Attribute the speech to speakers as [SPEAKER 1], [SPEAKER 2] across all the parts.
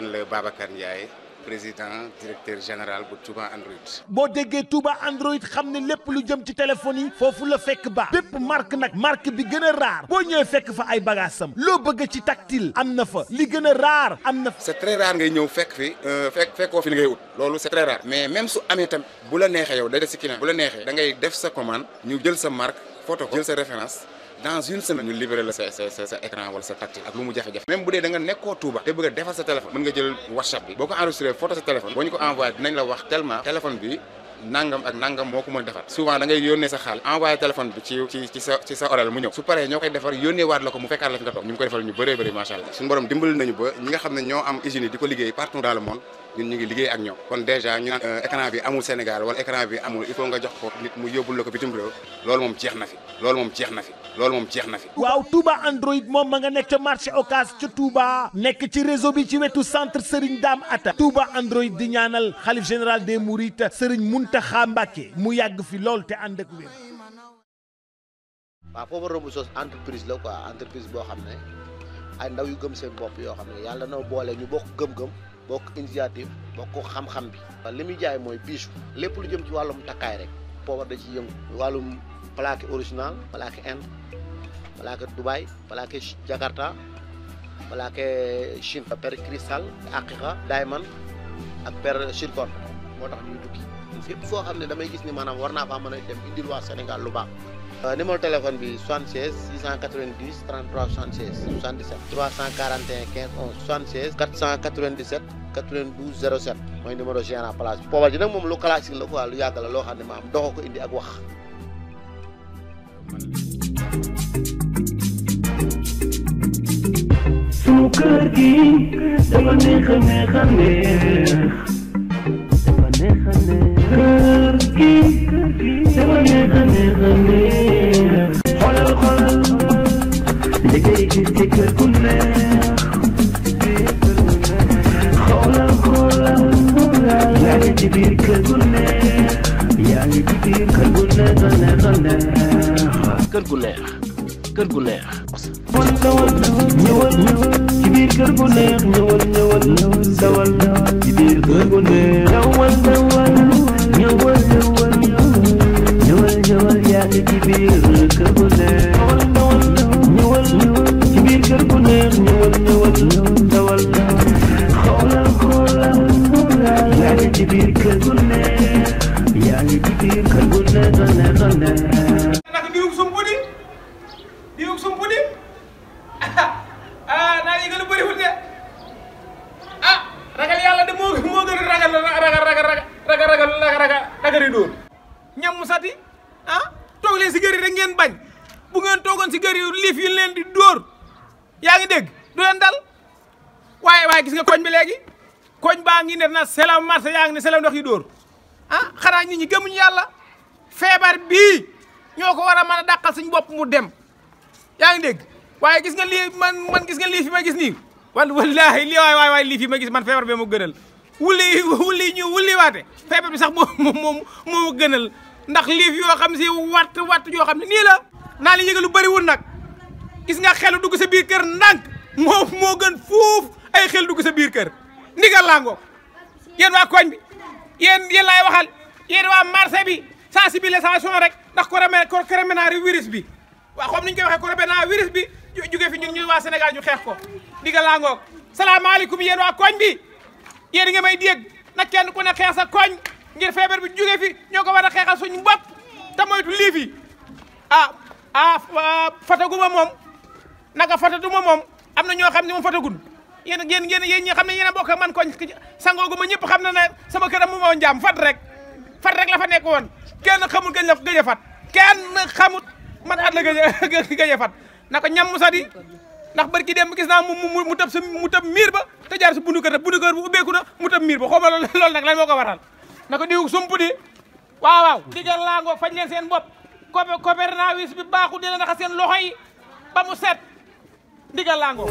[SPEAKER 1] man la Babacar Ndiaye président directeur général bu Touba Android. bo déggee Touba Android xamné ne lépp lu jëm ci téléphone yi fofu la fekk ba bépp marque nak marque bi gëna a bo boo fekk fa ay bagaasam lo bëgg ci tactile amna fa li gëna a amna c'est très rare ngay ñëw fekk fi euh, fekk fekkoo fi ngay ut lolu c'est très rare mais même su amé tam bu la nexé yow da des ci client bu la nexé da ngay def sa commande ñu jël sa marque photo jël sa référence. dans une semaine ñu libéré la sa sa sa écran wala sa tactile ak lu mu jafe-jafe même bu dee da nekkoo Touba te bëgg a defar sa téléphone mën nga jël WhatsApp bi boo ko enregistré photo sa téléphone boo ñu ko envoyé dinañ la wax tellement téléphone moo ko mën defar souvent da ngay yónnee sa xaal envoyé téléphone bi ci ci ci sa ci sa oral mu ñëw su paree ñoo koy defar yónnee mu fekkaat la nga toog ñu ngi koy defal ñu bëree bëri nañu ba ñi nga xam ne ñoo am usine yi di ko liggéey partout dans le monde ñun ñu liggéey ak ñoom kon déjà ñu euh, écran bi amul Sénégal wala écran bi amul il na fi loolu moom jeex na fi. waaw Touba Android moom ma nga nekk ca marché Ocass ca Touba. nekk ci réseau bi ci wetu centre Serigne Dame Atta. Touba Android di ñaanal xalif général des Mourides Serigne Mountakha Mbacké mu yàgg fi lool te ànd ak wér.
[SPEAKER 2] waaw foofu romb sos
[SPEAKER 1] entreprise la quoi entreprise boo xam ne ay ndaw yu gëm seen bopp yoo xam ne yàlla noo boolee ñu bokk gëm-gëm bokk initiative bokk xam-xam bi. li muy jaay mooy biisu lépp lu jëm ci wàllum takkaay rek poobar da ci yëngu plaque original plaque Inde plaque Dubaï plaque Jakarta plaque Chine per cristal aqiqa diamond ak per zircon moo tax ñuy tukki fépp foo xam ne damay gis ni maanaam war naa faa mën a dem indil waa Sénégal lu baax euh, numéro téléphone bi 76 690 33 76 77 341 15 11 76 497 92 07 mooy numéro gérant place bi. poobar ji nag moom lu classique la quoi lu yàgg la loo xam ne maam doxoo ko ak wax. סוכרתי, תבנך מחנך. תבנך מחנך. סוכרתי, תבנך מחנך. חולה חולה, לגייק תקר כולך. חולה חולה, يعني كبير كالجنة يعني كبير كالجنة غنى غنى kër gu neex kër gu neex. wala dawal ñëwal ñëwal ci biir kër gu neex ñëwal ñëwal dawal ci biir kër gu neex. dawal dawal ñëwal ñëwal ñëwal ñëwal yaa ngi ci biir kër gu neex. dawal dawal ñëwal ñëwal ci biir kër gu neex ñëwal ñëwal dawal xoolal xoolal yaa ngi ci biir kër gu neex yaa ngi ci biir kër gu neex yow sumpu ah nari yëgal bëriwul de ah ragal yàlla de moo moo gën ragal ragal ragal ragal ragal ragal ragal yi dóor ñam mu ah toog leen si gër yi rek ngeen bañ bu ngeen toogoon si gër yi di dóor yaa ngi dégg du leen dal waaye waaye gis nga koñ bi léegi koñ baa ngi ne na selam marché yaa ne selam ndox yi ah karena ini ñi gëmuñu yàlla feebar bii mana ko war a mën yaa ngi dégg waaye gis nga lii man gis nga lii fi ma gis nii wala wallaahi lii waay lii fi ma gis man feebar bi ma gënal wuli wuli waate feebar bi sax moom moom moo gënal ndax liif yoo xam si watt watt yoo xam ne nii la naa la yëgal lu bëri wul nag gis nga xelu dugg sa biir kër ndànk moom moo gën fuuf ay xel dugg sa biir kër ndigal laa ngoog yéen waa koñ bi yéen yéen laay waxal yéen waa marché bi sensibilisation rek ndax ko remé ko remé virus bi waaw comme ni ko koy waxee corona virus bi jóge fi ñun ñu waa Sénégal ñu xeex ko ndigal laa ngoog salaamaaleykum yéen waa koñ bi yéen nga may dégg nag kenn ku ne xeex sa koñ ngir feebar bi jóge fi ñoo ko war a xeexal suñu bopp te moytu lii fi ah ah fataguma moom naka fatatuma moom am na ñoo xam ne moom fatagun yéen yéen ngeen yéen ñi xam na yéen a bokk man koñ sangooguma ñëpp xam na ne sama kër am mu ma njaam fat rek fat rek la fa nekk woon kenn xamul gëj a fat kenn xamut man at la gëj gëj fat Nak ñam Moussa di nak bari ki dem gis na mu mu mu sa mu tëb mir ba te jaar su bundu kër bundu kër bu ubbeeku na mu tëb mir ba xaw lol nak lan moko waral na diw di waaw waaw digal la ngo fañ len seen ko cope copernawis bi baaxu dina nak seen loxoy ba mu set digal la ngo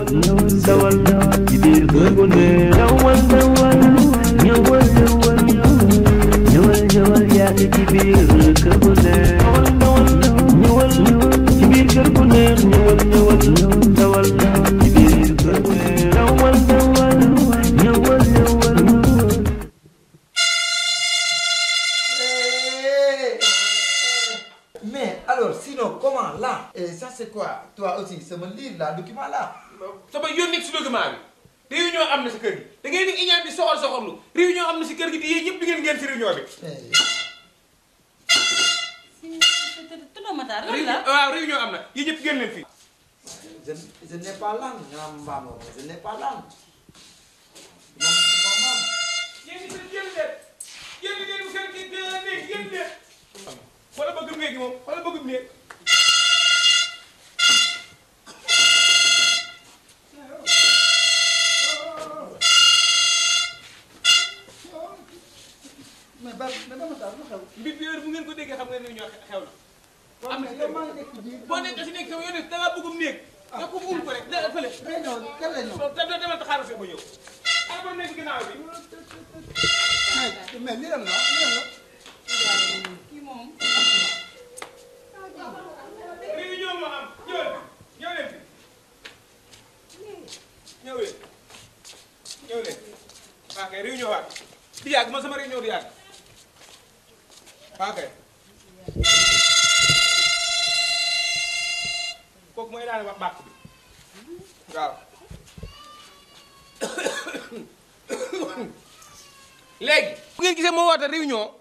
[SPEAKER 1] ci document là. sama yoon nekk si document bi réunion am na si kër gi da ngay nekk iñaan bi soxal soxalu réunion am na si kër gi te yéen ñëpp di ngeen ngeen si réunion bi.
[SPEAKER 2] tonton Matar lan la
[SPEAKER 1] waaw réunion am na yéen ñëpp mais dama daal lu xew. mbir bi heure bu ngeen ko déggee xam ngeen ne ñoo xew na. am na si dëgg boo nekk si nekk sama yoon da ngaa bëggum néeg. ah ku buul ko rek da fële. day ñëw kenn lay ñëw. te doo demal taxaar fee ba ñëw. ay ba nekk ginnaaw bi. mais mais lii dem na lii dem na. kii moom. réunion moo am ñëw ñëw leen fi. ñëw leen. ñëw leen. waaw ah, kay réunion waat. di yàgg man sama réunion di yàgg. ok mooy daane wax bàq léegi bu ngeen gisee moo woote réunion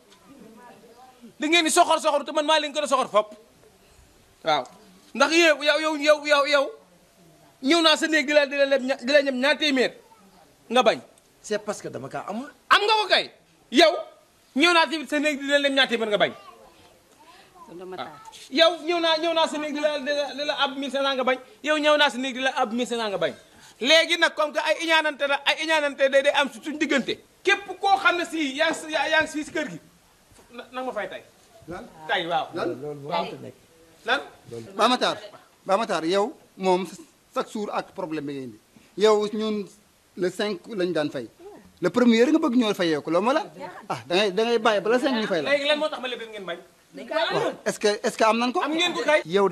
[SPEAKER 1] da ngeen di soxor soxor te man maa leen gën a soxor fopp waaw ndax yow yow yow yow yow ñëw naa sa néeg di la di la leb ñaar téeméer nga bañ c'est parce que dama kaa amul am nga ko kay yow ñëw naa tamit sa néeg di la lem ñaata mën nga bañ. Ah. yow ñëw naa ñëw naa sa néeg di la ab 1500 nga bañ yow ñëw naa sa néeg di la ab 1500 léegi nag comme que ay iñaanante la ay iñaanante day day am su suñ diggante. képp koo xam ne si yaa ngi si yaa ngi kër gi nag ma fay tay lan tay waaw lan waaw lan. Ba Matar
[SPEAKER 2] yow moom chaque jour ak problème bi ngay indi yow ñun le 5 lañ daan fay. le premier nga bëgg ñoo fayee ko loolu moo la ah da ngay da ngay bàyyi bala cinq ñu fay la.
[SPEAKER 1] léegi lan moo tax ma ngeen bañ. waaw
[SPEAKER 2] est-ce que est am nañ ko. am ngeen ko kay. yow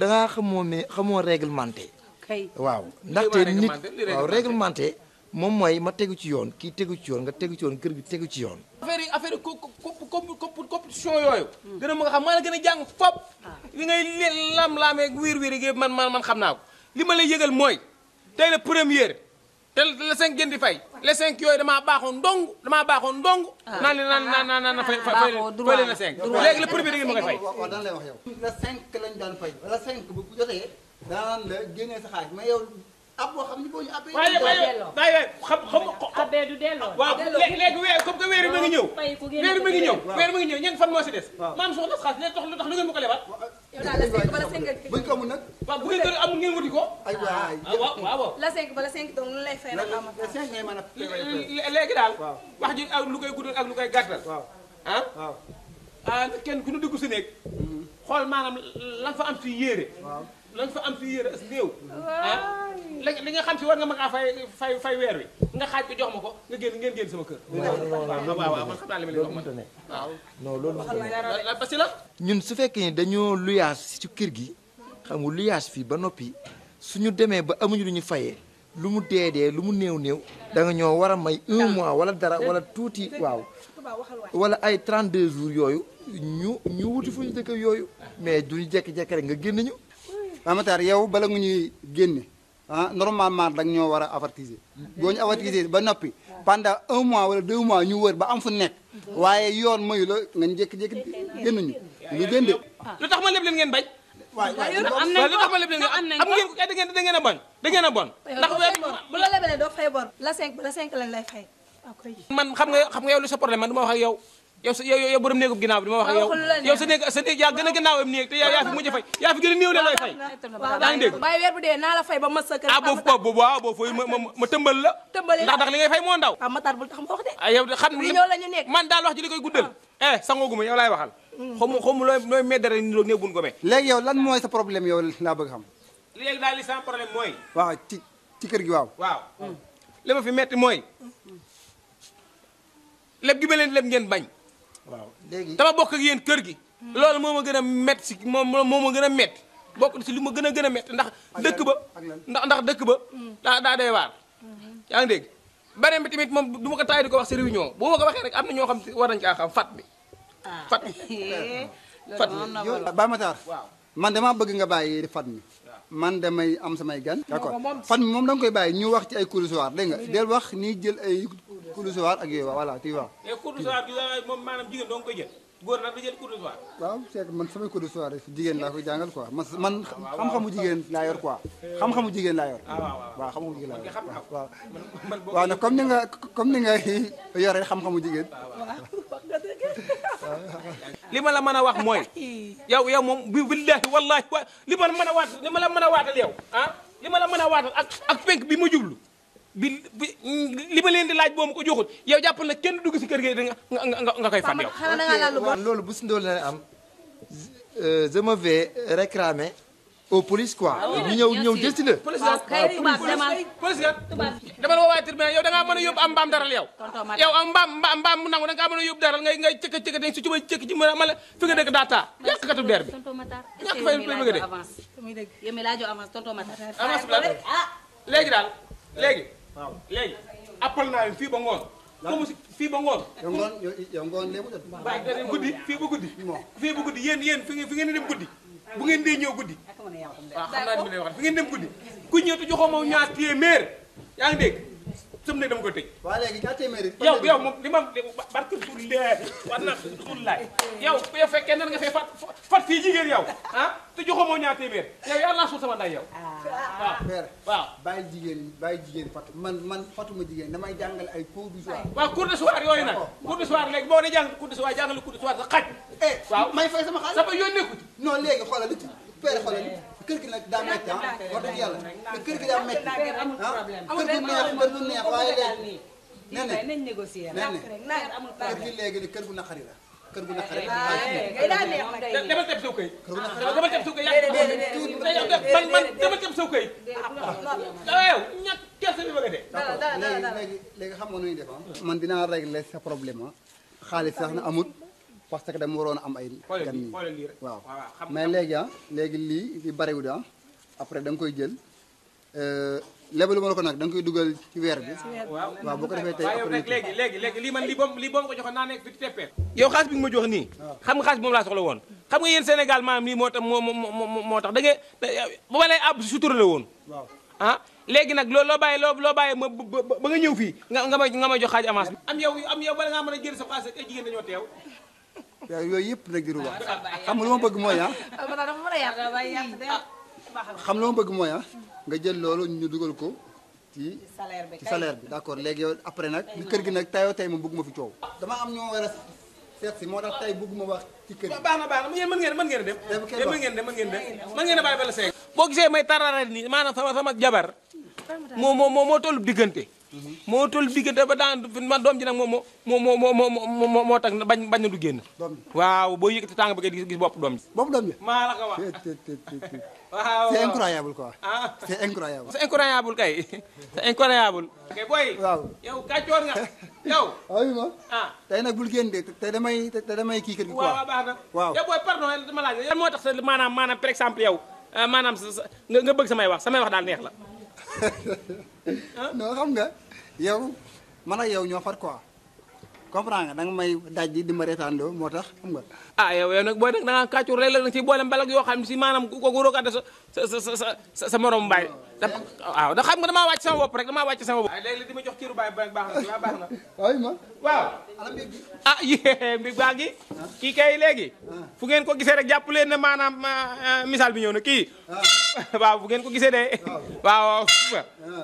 [SPEAKER 2] waaw ndaxte nit waaw réglementé moom mooy ma tegu ci yoon kii tegu ci yoon nga tegu ci yoon kër gi tegu ci yoon.
[SPEAKER 1] affaire yi affaire yi compétition yooyu. gën a ma nga xam maa la gën a jàng fop li ngay lam laamee wiir wiir yi man man man xam naa ko li ma lay yëgal mooy tey la première te le cinq gën di fay le cinq yooyu damaa baaxoon ndong damaa baaxoon ndong. Ah. naan naan naan naan fay fay leen le cinq. léegi le premier da ngeen ma koy fay. waaw daan lay wax yow. le
[SPEAKER 2] cinq daan la génnee sa xaalis mais yow ab boo weer
[SPEAKER 1] comme que weer ma ngi ñëw. weer ma ngi ñëw weer ma fan moo si des. waaw maam soxna tax lu tax lu ngeen ma ko lebal. buñ ko amul nag. waaw bu am ngeen ko. ay waay ah,
[SPEAKER 2] la cinq ba la cinq donc nu lay fay nag la
[SPEAKER 1] cinq léegi daal. wax ji ak lu koy guddal ak lu koy gàttal. waaw ah. waaw ah kenn ku ñu dugg si néeg. Mm-hmm. xool maanaam lan fa am si yéere. waaw lañ fa am si li nga xam si war nga mën a fay fay fay weer wi nga xaaj ko jox ma ko nga génn ngeen génn sama kër waaw waaw man xam naa li ma la
[SPEAKER 2] ñun su fekkee ni dañoo luyaas ci kër gi xam nga luyaas fii ba noppi suñu demee ba amuñu lu ñu fayee lu mu dee dee lu mu néew néew da nga ñoo war a may un mois wala dara wala tuuti waaw wala ay 32 jours yooyu ñu ñu wuti fu ñu dëkk yooyu mais duñu jekki-jekki rek nga génnañu Matar yow bala nga ñuy génne ah normalement da ñoo war a avertiser mm-hmm. boo ñu avertiser ba noppi pendant un mois wala deux mois ñu wër ba am fu nekk mm-hmm. waaye yoon mayu la nga jékki-jékki génn
[SPEAKER 1] ñu ñu génn de. lu tax ma leb leen ngeen bañ. waay waay am nañ ko am nañ ko am ngeen da ngeen da ngeen a bon da ngeen a bon. ndax bu la lebalee doo fay cinq la cinq man xam nga xam nga yow lu sa problème man du ma wax ak yow. yow sa yow yow borom néegub ginnaaw bi dama wax yow yow sa néeg sa néeg yaa gën a ginnaaw am néeg te yaa fi mujj fay yaa gën a néew la lay fay yaa ngi naa la fay ba ma sa kër ah boobu ko boobu waaw boo fay ma tëmbal la ndax fay ah, ma wax de ah, wax ji li koy guddal ah. eh sangooguma yow laay waxal hmm. xamu lan mooy sa problème yow laa bëgg xam léegi daal li sama problème mooy waaw ci ci kër gi waaw waaw hmm. li ma fi metti mooy hmm. lépp gi ma leen lépp ngeen bañ waaw léegi dama bokk ak yéen kër gi. Hmm. loolu moo ma gën a métti si moom moo ma gën a métti bokk si lu ma gën a gën a métti ndax. dëkk ba ndax ndax dëkk ba. Hmm. daa daa day waar. Hmm. yaa ngi dégg beneen bi tamit moom du ma ko taay di ko wax si réunion bu ma ko waxee rek am na ñoo xam si war nañu kaa xam fat bi. fat ah. fat bi. yow Ba Matar
[SPEAKER 2] man damaa bëgg nga bàyyi fat mi. man damay am samay gan. d'accord fan moom da nga koy bàyyi ñu wax ci ay couloirs dégg nga del wax nii jël ay couloirs ak yooyu jël.
[SPEAKER 1] góor nag da jël waaw
[SPEAKER 2] c'est man samay cours soir jigéen laa koy jàngal quoi man man ah, xam-xamu jigéen yor quoi xam-xamu jigéen laa yor. Ah, waaw xam-xamu jigéen laa waaw. waaw nag ni nga comme ni nga yore xam-xamu jigéen. Ah,
[SPEAKER 1] li ma la mën a wax mooy yow yow moom bi billahi wallahi li ma la a waatal li ma la mën a waatal yow ah li ma la mën a waatal ak ak penk bi ma jublu bi li ma leen di laaj boo ma ko joxut yow jàppal na kenn dugg si kër gi nga nga nga koy fat yow loolu bu si ndool na
[SPEAKER 2] am euh, je me vais réclamer au police quoi. ñu ñëw ñëw jësti la. police la
[SPEAKER 1] police la demal woo waa tribunal yow da a yóbbu am mbaam daral yow. yow am mbaam mbaam mbaam mu nangu da ngaa mën a yóbbu daral ngay ngay cëkk cëkk dañ ma fi nga dëkk daa taa yàqkatu der bi
[SPEAKER 2] ñàkk fay bëgg a dee. yow
[SPEAKER 1] naa leen fii ba ngoon. comme si fii ba ngoon. yow ngoon
[SPEAKER 2] yow ngoon léegi mu jot. waaw guddi
[SPEAKER 1] fii ba guddi. fii ba guddi yéen yéen fi ngeen dem guddi bu ngeen dee ñëw guddi waaw ah, xam naa ne bu ngeen dem guddi ku ñëw te joxoo ma ñaar téeméer yaa ngi dégg sëm ne dama koy tëj waaw léegi ñaar téeméer yow yow moom li barke du leer war na dul laaj yow yow fekkee nan nga fee fat fat fii jigéen yow ah te joxoo ma ñaar téeméer yow yàlla naa sama nday yow ah. Ah, waaw
[SPEAKER 2] père waaw bàyyi jigéen bàyyi jigéen fat man man fatuma jigéen damay jàngal ay cours du soir waaw cours du soir yooyu nag cours du soir
[SPEAKER 1] léegi boo dee jàngal cours du soir jàngal cours du soir sa xaj eh, waaw may fay sama xaalis sama yónneeku ci non léegi xoolal lu ci père xoolal kër gi nag daa métti ah wax dëgg yàlla kër gi daa métti ah kër gi neex kër gu neex waaye léegi
[SPEAKER 2] nee nañ négocier kër gi léegi ni kër gu naqari la kër gu naqari la dama
[SPEAKER 1] teb saw kay dama teb saw kay man man dama teb saw kay
[SPEAKER 2] yow ñàkk kersa bi bëgg a dee d'accord léegi léegi xam nga nu ñuy def man dinaa régler sa problème ah xaalis sax na amut parce que dama waroon a am ay. gan yi
[SPEAKER 1] waaw mais
[SPEAKER 2] léegi ah léegi lii fi bariwul ah après da nga koy jël euh, lebalu ma la ko nag da nga koy dugal ci weer bi.
[SPEAKER 1] waaw boo ko defee tey après léegi léegi léegi lii man lii boobu lii boobu ko joxoon naa nekk fi teppee. yow xaalis bi nga ma jox nii. xam nga xaalis bi moom laa soxla woon. xam nga yéen Sénégal maanaam lii moo tax moo moo moo tax da nga bu ma lay ab sutura la woon. waaw ah léegi nag loo loo bàyyi loo loo bàyyi ma ba nga ñëw fii nga nga may nga may jox xaaj avance bi. am yow am yow bala ngaa mën a jël sa xaalis ak ay jigéen dañoo teew
[SPEAKER 2] yooyu yëpp nag di ruba
[SPEAKER 1] xam nga lu ma bëgg mooy ah. ah.
[SPEAKER 2] xam lu bëgg mooy ah, nga jël loolu ñu dugal ko ci. salaire bi ci salaire bi d' accord léegi yow après nag. ñu kër gi nag tayoo tey moom bëgguma fi coow. dama am ñoo war a seet si moo tax tey bëgguma wax ci kër gi. baax
[SPEAKER 1] na baax na yéen mën ngeen ngeen dem. yéen mën ngeen dem mën ngeen dem mën ngeen a bàyyi ba la seeg. boo gisee may tarara ni maanaam sama sama jabar moo moo moo toll diggante mo moo toll diggante ba daan ma dom ji nak mo mo mo mo mo mo mo mo tak bañ bañ du génn. waaw bo yëkkati tang ba kay gis bop dom ji. bop dom ji ma la ko wax. waaw c'est incroyable quoi. ah c'est incroyable. c'est incroyable kay c'est incroyable. kay boy waaw yow ka kàccoor nga
[SPEAKER 2] yow. ay ah, ma ah. tey nag bul génn de tay damay tay damay ki kër gi. quoi
[SPEAKER 1] waaw ya boy pardon dama laaj la. lan moo tax manam maanaam par exemple yow ah, manam nga bëgg samay wax samay wax daal neex la.
[SPEAKER 2] Ah. non xam nga yow man ak yow ñoo far quoi comprends nga danga may daj di ma reetaan loo moo tax xam nga.
[SPEAKER 1] a ah, yow yow nag booy nag da ngaa kàccu rek la nag ci boole mbalak yoo xam si maanaam ku ko wóoroo a sa sa sa sa moroom mbaay. dafa waaw da xam nga damaa wàcc sama bopp rek maa wàcc sama bopp. waaye léeg-léeg di ma jox kiiru baay baax na baax na. waaye ma waaw. ah yéen bi baa ngi. kii kay léegi. Ah. fu ngeen ko gisee rek jàpp leen ne maanaam ah, misaal bi ñëw na kii. Ah. waaw bu ngeen ko gisee de. waaw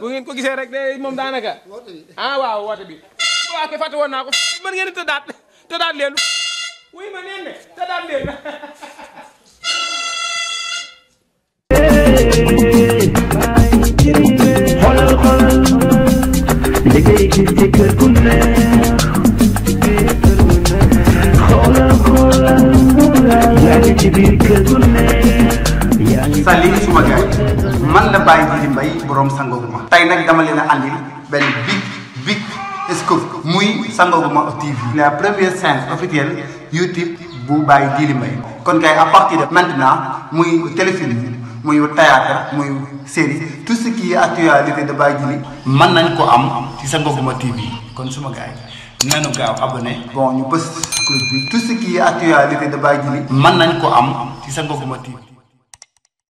[SPEAKER 1] bu ngeen ko gisee rek moom daanaka. ah waaw woote bi. waaw kay fàtte woon ko mën ngeen di tëddaat salim suma gaay man la
[SPEAKER 2] bàyyi jiri mbay borom sangoguma tey nag dama andil big big scoop muy sangoguma tv la première scène officielle youtube bu bàyyi jiri mbay kon kay à partir de maintenant muy téléfilm muy théâtre muy série tout kii qui est actualité de Baye Djily mën nañ ko am ci sa Sangomar TV kon suma gars yi nanu gaaw abonné bon ñu bës cloche bi tout ce qui est actualité de Baye Djily mën nañ ko am ci Sangomar TV